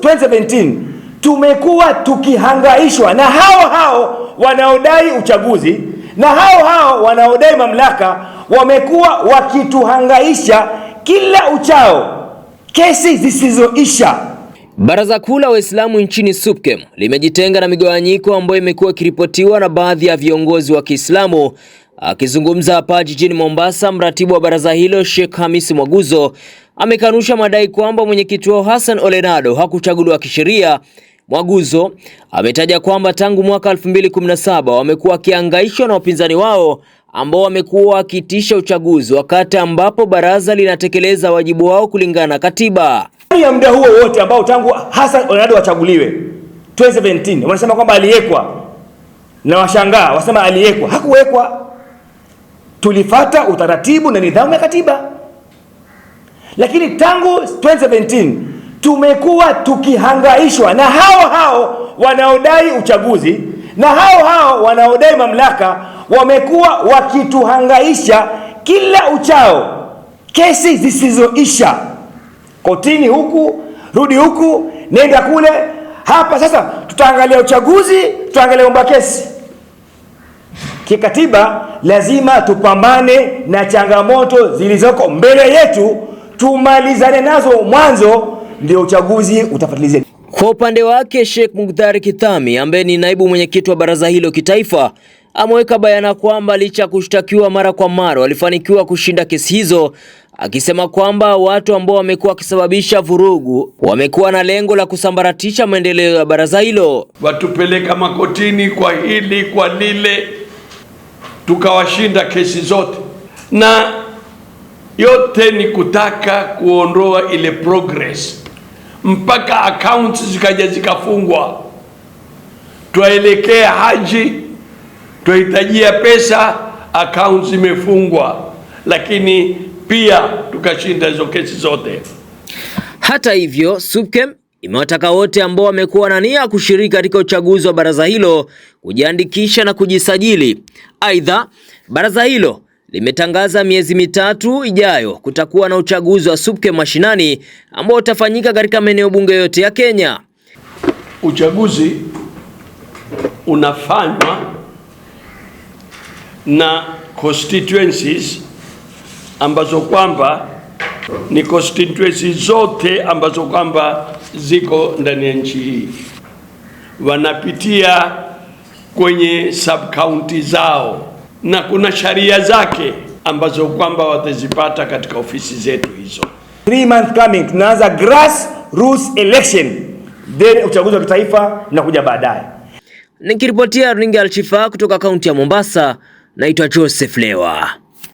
2017 tumekuwa tukihangaishwa na hao hao wanaodai uchaguzi na hao hao wanaodai mamlaka, wamekuwa wakituhangaisha kila uchao, kesi zisizoisha. Baraza Kuu la Waislamu nchini SUPKEM limejitenga na migawanyiko ambayo imekuwa ikiripotiwa na baadhi ya viongozi wa Kiislamu Akizungumza hapa jijini Mombasa, mratibu wa baraza hilo Sheikh Hamisi Mwaguzo amekanusha madai kwamba mwenyekiti wao Hassan Olenado hakuchaguliwa kisheria. Mwaguzo ametaja kwamba tangu mwaka 2017 wamekuwa wakihangaishwa na wapinzani wao ambao wamekuwa wakitisha uchaguzi wakati ambapo baraza linatekeleza wajibu wao kulingana na katiba. Ya muda huo wote ambao tangu Hassan Olenado wachaguliwe 2017 wanasema kwamba aliwekwa na washangaa wasema aliwekwa, hakuwekwa tulifata utaratibu na nidhamu ya katiba, lakini tangu 2017 tumekuwa tukihangaishwa na hao hao wanaodai uchaguzi na hao hao wanaodai mamlaka, wamekuwa wakituhangaisha kila uchao, kesi zisizoisha kotini, huku rudi huku, nenda kule, hapa. Sasa tutaangalia uchaguzi, tutaangalia mambo kesi Kikatiba lazima tupambane na changamoto zilizoko mbele yetu, tumalizane nazo mwanzo, ndio uchaguzi utafatilizia. Kwa upande wake Sheikh Mukdhar Kithami ambaye ni naibu mwenyekiti wa baraza hilo kitaifa ameweka bayana kwamba licha ya kushtakiwa mara kwa mara walifanikiwa kushinda kesi hizo, akisema kwamba watu ambao wamekuwa wakisababisha vurugu wamekuwa na lengo la kusambaratisha maendeleo ya baraza hilo. Watupeleka makotini kwa hili kwa lile tukawashinda kesi zote, na yote ni kutaka kuondoa ile progress, mpaka accounts zikaja zikafungwa. Twaelekea haji, twahitajia pesa, accounts zimefungwa, lakini pia tukashinda hizo kesi zote. Hata hivyo SUPKEM imewataka wote ambao wamekuwa na nia kushiriki katika uchaguzi wa baraza hilo kujiandikisha na kujisajili. Aidha, baraza hilo limetangaza miezi mitatu ijayo kutakuwa na uchaguzi wa SUPKEM mashinani ambao utafanyika katika maeneo bunge yote ya Kenya. Uchaguzi unafanywa na constituencies ambazo kwamba ni constituencies zote ambazo kwamba ziko ndani ya nchi hii, wanapitia kwenye sub county zao, na kuna sharia zake ambazo kwamba watazipata katika ofisi zetu hizo. Three months coming, tunaanza grass roots election, then uchaguzi wa kitaifa kuja baadaye. Nikiripotia runinga Alshifa kutoka kaunti ya Mombasa, naitwa Joseph Lewa.